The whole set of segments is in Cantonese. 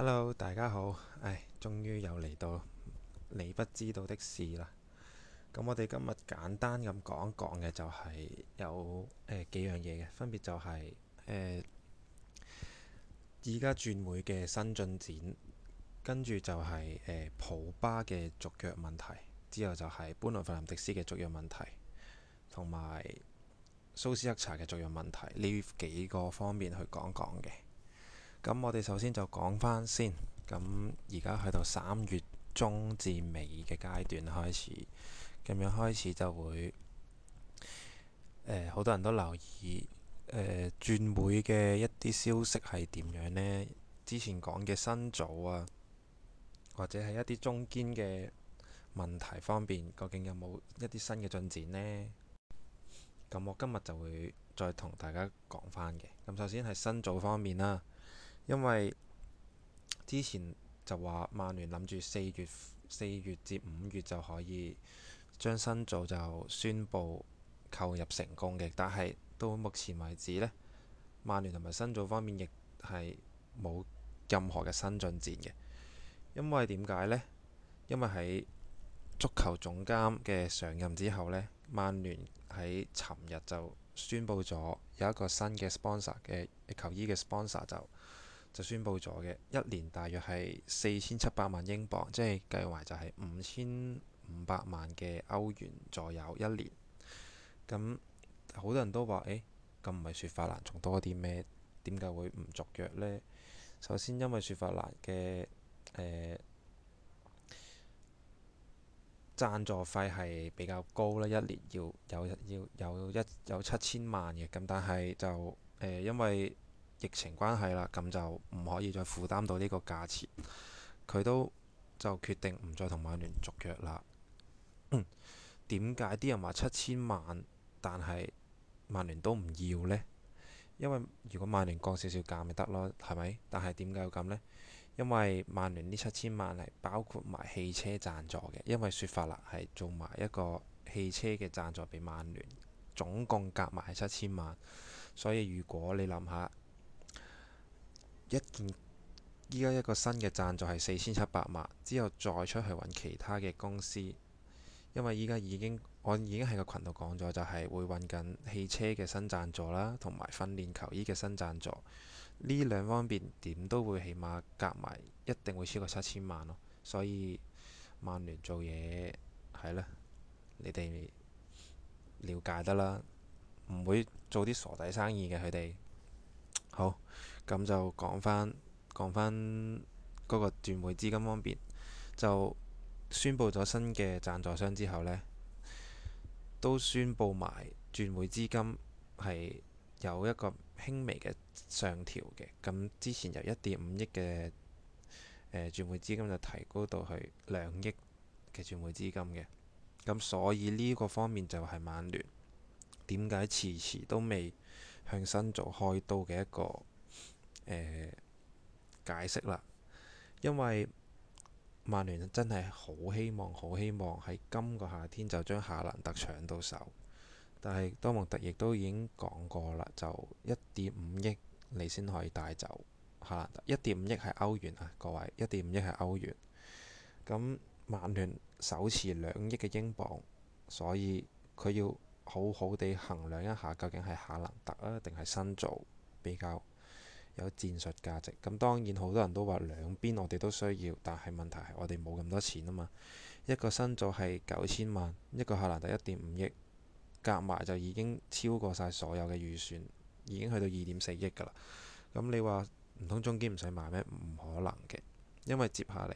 Hello，大家好，唉，終於又嚟到你不知道的事啦。咁我哋今日簡單咁講一講嘅就係有誒、呃、幾樣嘢嘅，分別就係而家轉會嘅新進展，跟住就係普巴嘅續約問題，之後就係本來弗林迪斯嘅續約問題，同埋蘇斯克查嘅續約問題呢幾個方面去講講嘅。咁我哋首先就講返先，咁而家去到三月中至尾嘅階段開始，咁樣開始就會呃、好多人都留意誒、呃、轉會嘅一啲消息係點樣呢？之前講嘅新組啊，或者係一啲中堅嘅問題方面，究竟有冇一啲新嘅進展呢？咁我今日就會再同大家講返嘅。咁首先係新組方面啦、啊。因為之前就話曼聯諗住四月四月至五月就可以將新組就宣佈購入成功嘅，但係到目前為止呢，曼聯同埋新組方面亦係冇任何嘅新進展嘅。因為點解呢？因為喺足球總監嘅上任之後呢，曼聯喺尋日就宣佈咗有一個新嘅 sponsor 嘅球衣嘅 sponsor 就。就宣佈咗嘅，一年大約係四千七百萬英鎊，即係計埋就係五千五百萬嘅歐元左右一年。咁好多人都話，誒、欸，咁唔係，雪佛蘭仲多啲咩？點解會唔續約咧？首先因為雪佛蘭嘅誒、呃、贊助費係比較高啦，一年要有要有，有一有七千萬嘅，咁但係就誒、呃、因為。疫情關係啦，咁就唔可以再負擔到呢個價錢，佢都就決定唔再同曼聯續約啦。點解啲人話七千萬，但係曼聯都唔要呢？因為如果曼聯降少少少價咪得咯，係咪？但係點解要咁呢？因為曼聯呢七千萬係包括埋汽車贊助嘅，因為説法啦係做埋一個汽車嘅贊助俾曼聯，總共夾埋七千萬，所以如果你諗下。一件依家一個新嘅讚助係四千七百萬，之後再出去揾其他嘅公司，因為依家已經我已經喺個群度講咗，就係會揾緊汽車嘅新讚助啦，同埋訓練球衣嘅新讚助，呢兩方面點都會起碼夾埋，一定會超過七千萬咯。所以曼聯做嘢係啦，你哋了解得啦，唔會做啲傻仔生意嘅佢哋。好，咁就講翻講翻嗰個轉會資金方面，就宣布咗新嘅贊助商之後呢，都宣布埋轉會資金係有一個輕微嘅上調嘅。咁之前由一點五億嘅誒轉會資金就提高到去兩億嘅轉會資金嘅。咁所以呢個方面就係曼聯點解遲遲都未向新組開刀嘅一個誒、呃、解釋啦，因為曼聯真係好希望、好希望喺今個夏天就將夏蘭特搶到手，但係多蒙特亦都已經講過啦，就一點五億你先可以帶走夏蘭特，一點五億係歐元啊，各位，一點五億係歐元，咁曼聯手持兩億嘅英鎊，所以佢要，好好地衡量一下，究竟係夏蘭特啊，定係新造比較有戰術價值？咁當然好多人都話兩邊我哋都需要，但係問題係我哋冇咁多錢啊嘛。一個新造係九千萬，一個夏蘭特一點五億，夾埋就已經超過晒所有嘅預算，已經去到二點四億㗎啦。咁你話唔通中堅唔使買咩？唔可能嘅，因為接下嚟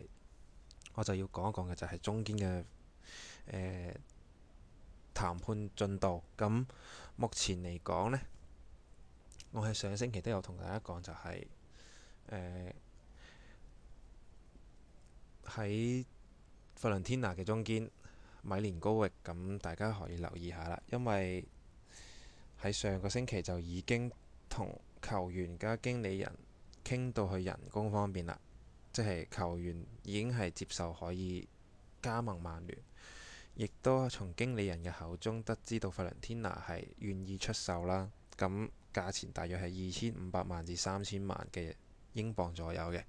我就要講一講嘅就係中堅嘅誒。欸談判進度，咁目前嚟講呢，我喺上星期都有同大家講，就係，就係喺佛倫天拿嘅中堅米連高域，咁大家可以留意下啦，因為喺上個星期就已經同球員加經理人傾到去人工方面啦，即係球員已經係接受可以加盟曼聯。亦都從經理人嘅口中得知到法倫天拿係願意出售啦，咁價錢大約係二千五百萬至三千萬嘅英鎊左右嘅，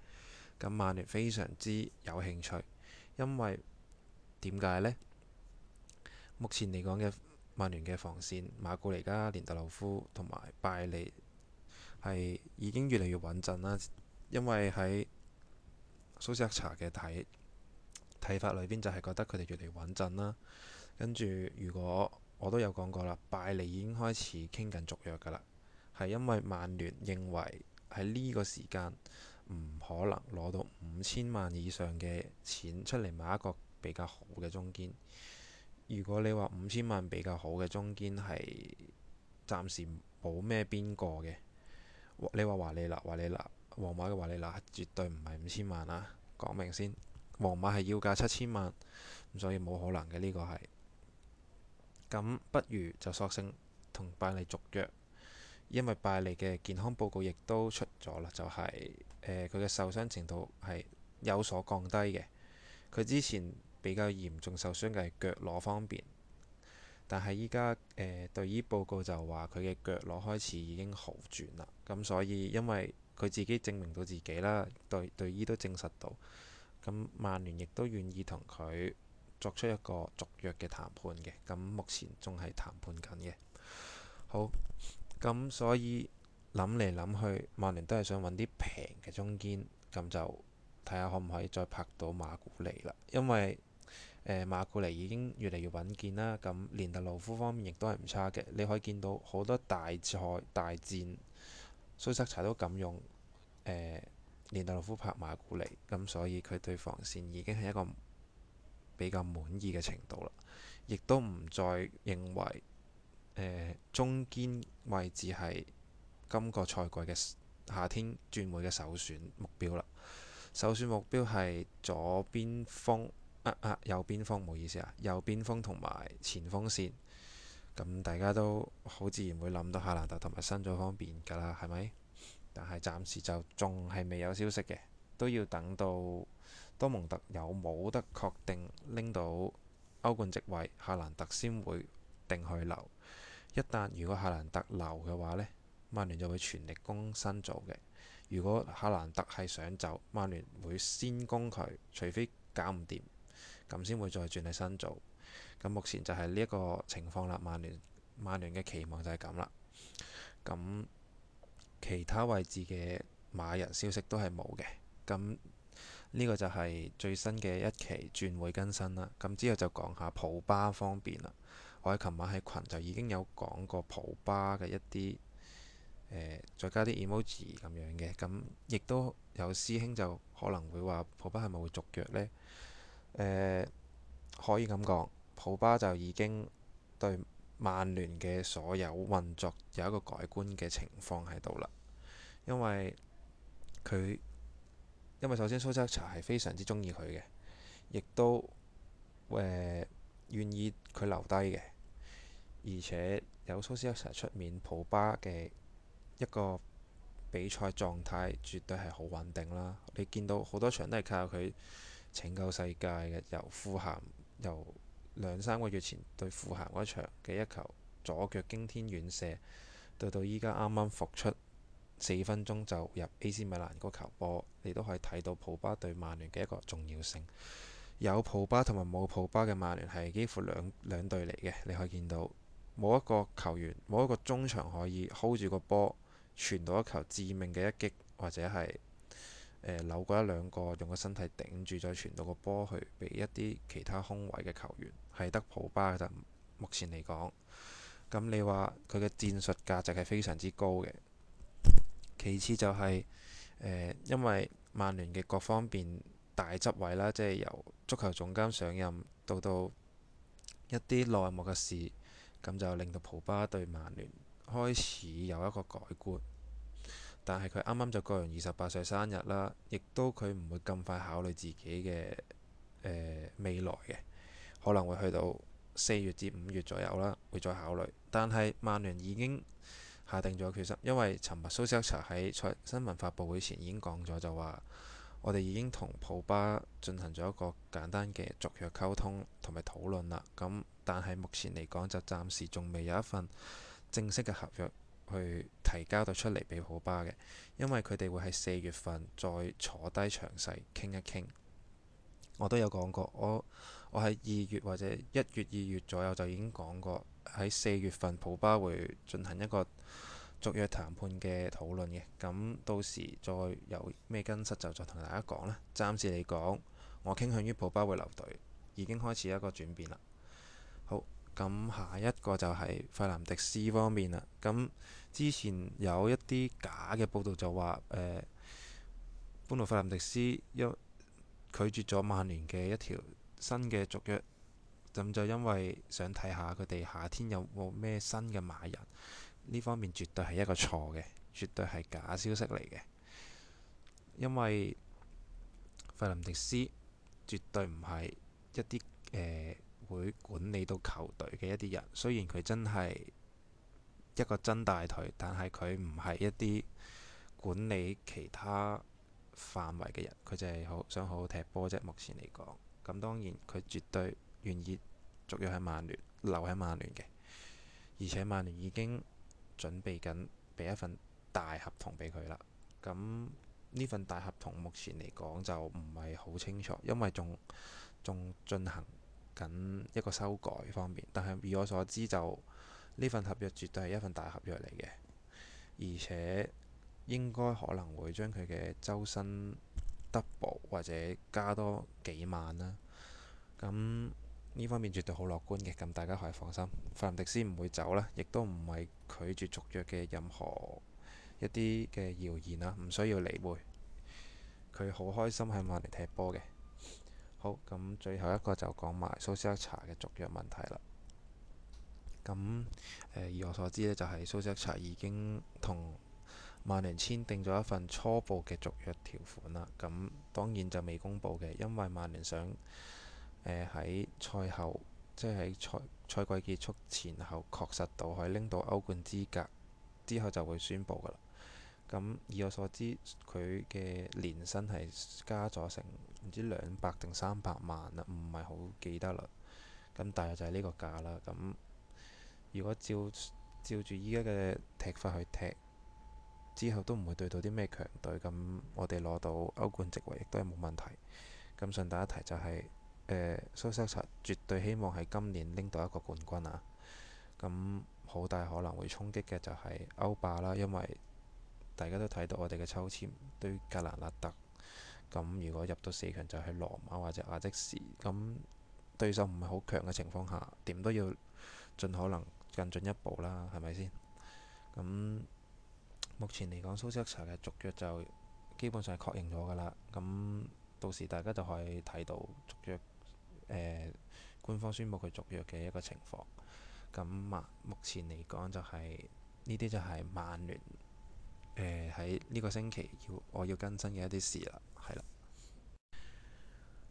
咁曼聯非常之有興趣，因為點解呢？目前嚟講嘅曼聯嘅防線，馬古尼、加連特洛夫同埋拜利係已經越嚟越穩陣啦，因為喺蘇斯克查嘅睇。睇法裏邊就係覺得佢哋越嚟越穩陣啦。跟住，如果我都有講過啦，拜利已經開始傾緊續約㗎啦，係因為曼聯認為喺呢個時間唔可能攞到五千萬以上嘅錢出嚟買一個比較好嘅中堅。如果你話五千萬比較好嘅中堅係暫時冇咩邊個嘅，你話華利納、華利納、皇馬嘅華利納絕對唔係五千萬啦，講明先。皇馬係要價七千萬，咁所以冇可能嘅呢個係，咁不如就索性同拜利續約，因為拜利嘅健康報告亦都出咗啦，就係佢嘅受傷程度係有所降低嘅，佢之前比較嚴重受傷嘅係腳踝方面，但係依家誒隊醫報告就話佢嘅腳踝開始已經好轉啦，咁所以因為佢自己證明到自己啦，對隊醫都證實到。咁曼聯亦都願意同佢作出一個續約嘅談判嘅，咁目前仲係談判緊嘅。好，咁所以諗嚟諗去，曼聯都係想揾啲平嘅中堅，咁就睇下可唔可以再拍到馬古尼啦。因為誒、呃、馬古尼已經越嚟越穩健啦，咁連特勞夫方面亦都係唔差嘅。你可以見到好多大賽大戰，蘇塞齊都敢用、呃連戴洛夫拍馬古尼，咁所以佢對防線已經係一個比較滿意嘅程度啦，亦都唔再認為誒、呃、中堅位置係今個賽季嘅夏天轉會嘅首選目標啦。首選目標係左邊鋒呃呃，右邊鋒唔好意思啊，右邊鋒同埋前鋒線，咁大家都好自然會諗到夏蘭特同埋新佐方便㗎啦，係咪？但係暫時就仲係未有消息嘅，都要等到多蒙特有冇得確定拎到歐冠席位，夏蘭特先會定去留。一旦如果夏蘭特留嘅話呢，曼聯就會全力攻辛祖嘅。如果夏蘭特係想走，曼聯會先攻佢，除非搞唔掂，咁先會再轉去辛祖。咁目前就係呢一個情況啦，曼聯曼聯嘅期望就係咁啦。咁其他位置嘅馬人消息都係冇嘅，咁呢個就係最新嘅一期轉會更新啦。咁之後就講下普巴方面啦。我喺琴晚喺群就已經有講過普巴嘅一啲誒、呃，再加啲 emoji 咁樣嘅。咁亦都有師兄就可能會話普巴係咪會續約咧？誒、呃，可以咁講，普巴就已經對。曼聯嘅所有運作有一個改觀嘅情況喺度啦，因為佢因為首先蘇斯查係非常之中、呃、意佢嘅，亦都誒願意佢留低嘅，而且有蘇斯一查出面普巴嘅一個比賽狀態絕對係好穩定啦，你見到好多場都係靠佢拯救世界嘅，又富咸又。兩三個月前對富咸嗰場嘅一球左腳驚天遠射，對到依家啱啱復出四分鐘就入 A.C. 米蘭嗰球波，你都可以睇到普巴對曼聯嘅一個重要性。有普巴同埋冇普巴嘅曼聯係幾乎兩兩隊嚟嘅，你可以見到冇一個球員冇一個中場可以 hold 住個波，傳到一球致命嘅一擊或者係。呃、扭過一兩個，用個身體頂住再傳到個波去，俾一啲其他空位嘅球員。係得普巴就目前嚟講，咁你話佢嘅戰術價值係非常之高嘅。其次就係、是呃、因為曼聯嘅各方面大執位啦，即係由足球總監上任到到一啲內幕嘅事，咁就令到普巴對曼聯開始有一個改觀。但係佢啱啱就過完二十八歲生日啦，亦都佢唔會咁快考慮自己嘅、呃、未來嘅，可能會去到四月至五月左右啦，會再考慮。但係曼聯已經下定咗決心，因為尋日蘇斯哲喺賽新聞發佈會前已經講咗就話，我哋已經同普巴進行咗一個簡單嘅續約溝通同埋討論啦。咁但係目前嚟講就暫時仲未有一份正式嘅合約。去提交到出嚟俾普巴嘅，因為佢哋會喺四月份再坐低詳細傾一傾。我都有講過，我我喺二月或者一月、二月左右就已經講過，喺四月份普巴會進行一個續約談判嘅討論嘅。咁到時再有咩跟實就再同大家講啦。暫時嚟講，我傾向於普巴會留隊，已經開始一個轉變啦。咁下一個就係費南迪斯方面啦。咁之前有一啲假嘅報道就話，誒、呃，本到費南迪斯，因拒絕咗曼聯嘅一條新嘅續約，咁就因為想睇下佢哋夏天有冇咩新嘅買人。呢方面絕對係一個錯嘅，絕對係假消息嚟嘅。因為費南迪斯絕對唔係一啲誒。呃會管理到球隊嘅一啲人，雖然佢真係一個真大腿，但係佢唔係一啲管理其他範圍嘅人，佢就係好想好好踢波啫。目前嚟講，咁當然佢絕對願意續約喺曼聯留喺曼聯嘅，而且曼聯已經準備緊俾一份大合同俾佢啦。咁呢份大合同目前嚟講就唔係好清楚，因為仲仲進行。緊一個修改方面，但係以我所知就，呢份合約絕對係一份大合約嚟嘅，而且應該可能會將佢嘅周薪 double，或者加多幾萬啦。咁呢方面絕對好樂觀嘅，咁大家可以放心。弗蘭迪斯唔會走啦，亦都唔係拒絕續約嘅任何一啲嘅謠言啦，唔需要理會。佢好開心喺曼聯踢波嘅。好，咁最後一個就講埋蘇斯克查嘅續約問題啦。咁誒、呃，以我所知呢，就係、是、蘇斯克查已經同曼聯簽訂咗一份初步嘅續約條款啦。咁當然就未公布嘅，因為曼聯想喺、呃、賽後，即係喺賽賽季結束前後，確實到可以拎到歐冠資格之後就會宣布噶啦。咁以我所知，佢嘅年薪係加咗成。唔知兩百定三百萬啦，唔係好記得啦。咁大約就係呢個價啦。咁如果照照住依家嘅踢法去踢，之後都唔會對到啲咩強隊。咁我哋攞到歐冠席位亦都係冇問題。咁順帶一提就係、是，誒蘇斯擦絕對希望係今年拎到一個冠軍啊！咁好大可能會衝擊嘅就係歐霸啦，因為大家都睇到我哋嘅抽籤對格蘭納特。咁如果入到四強就係、是、羅馬或者亞積士，咁對手唔係好強嘅情況下，點都要盡可能更進一步啦，係咪先？咁目前嚟講，蘇斯嘅續約就基本上係確認咗㗎啦。咁到時大家就可以睇到續約誒、呃、官方宣布佢續約嘅一個情況。咁曼目前嚟講就係呢啲就係曼聯。誒，喺呢、呃、個星期要我要更新嘅一啲事啦，係啦。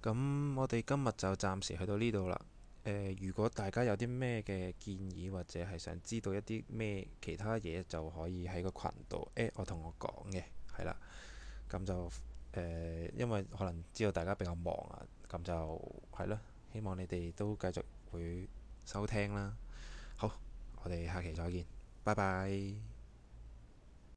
咁我哋今日就暫時去到呢度啦。誒、呃，如果大家有啲咩嘅建議或者係想知道一啲咩其他嘢，就可以喺個群度 at、欸、我同我講嘅，係啦。咁就誒、呃，因為可能知道大家比較忙啊，咁就係咯。希望你哋都繼續會收聽啦。好，我哋下期再見，拜拜。